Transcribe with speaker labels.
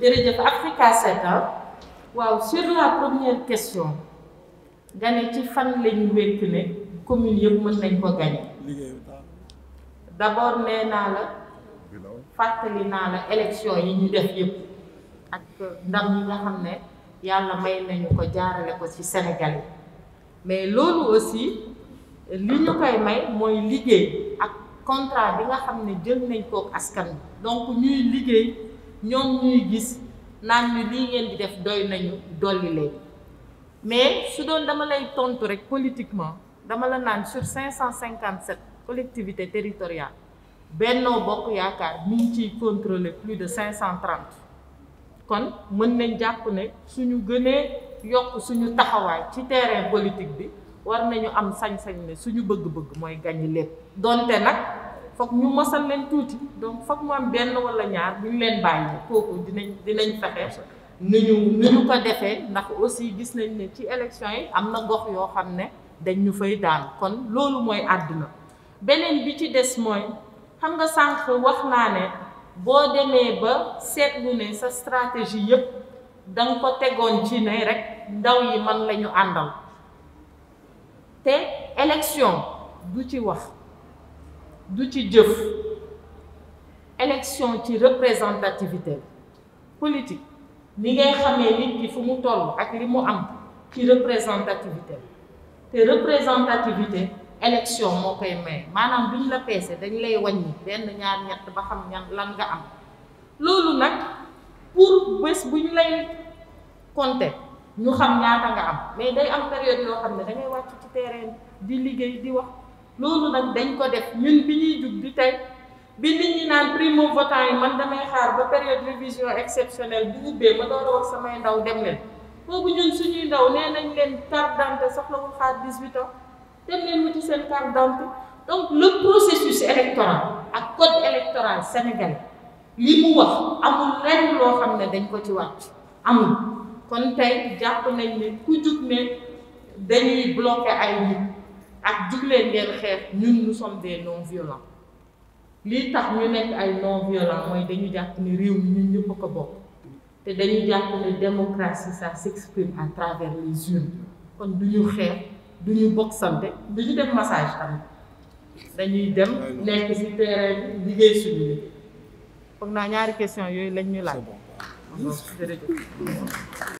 Speaker 1: jërëjëf Africa 7 ah. waaw sur la première question nga ne ci fan la ñu wékk commune yëpp mën nañ ko gañe d'abord nee naa la fàttali naa la élection yi ñu def yëpp ak ndam yi nga xam ne yàlla may nañu ko jaarale ko ci senegal yi mais loolu aussi li ñu koy may mooy liggéey ak contrat bi nga xam ne jël nañ ko askan bi donc ñuy liggéey ñoom ñuy gis naan ñu lii ngeen di def doy nañu dolli leen mais su doon dama lay tontu rek politiquement dama la naan sur cinq cent cinquante sept collectivités territoriales Benno Bokk Yaakaar mi ngi ciy contrôler plus de cinq cent trente kon mën nañ jàpp ne suñu gënee yokk suñu taxawaay ci terrain politique bi war nañu am sañ-sañ ne suñu bëgg-bëgg mooy gañi lépp donte nag foog ñu mosal leen tuuti donc foog mu am benn wala ñaar bu ñu leen bàyyi kooku dinañ dinañ fexe nu ñu nu ñu ko defee ndax aussi gis nañ ne ci élection yi am na gox yoo xam ne dañ ñu fay daan kon loolu mooy àdduna beneen bi ci des mooy xam nga sànq wax naa ne boo demee ba seetlu ne sa stratégie yëpp da ko tegoon ci ne rek ndaw yi man lañu ñu àndal te élection du ci wax du ci jëf élection ci représentativité politique li ngay xamee nit ñi fu mu toll ak li mu am ci représentativité te représentativité élection moo koy may maanaam duñ la peese dañ lay wàññi benn ñaar ñett ba xam ñan lan nga am loolu nag pour bés ñu lay compter ñu xam ñaata nga am mais day am période yoo xam ne da ngay wàcc ci terrain di liggéey di wax
Speaker 2: loolu nag dañ
Speaker 1: ko def ñun bi ñuy jug di tey bi nit ñi naan primo votant yi man damay xaar ba période révision exceptionnelle bi ubbee ma door a wax samay ndaw dem leen boobu ñun suñuy ndaw nee nañ leen carte d'identité soxlawul xaar 18 ans dem leen mu wuti seen carte d'identité donc le processus électoral ak code électoral sénégalais li mu wax amul lenn loo xam ne dañ ko ci wàcc amul kon tey jàpp nañ ne ku jug ne dañuy bloqué ay nit ak jugleen ngeen xeex nu nous sommes des non violents lii tax ñu nekk ay non violents mooy dañu jàpp ni réew mi ñu ñëpp a ko bokk te dañu jàpp ni démocratie ça s'exprime à travers les urnes kon du ñu xeex du ñu bokk sante du ñu def massage tamit dañuy dem nekk ci terrain bi liggéey suñu foog naa ñaari question yooyu lañ ñu laaj jërëjëf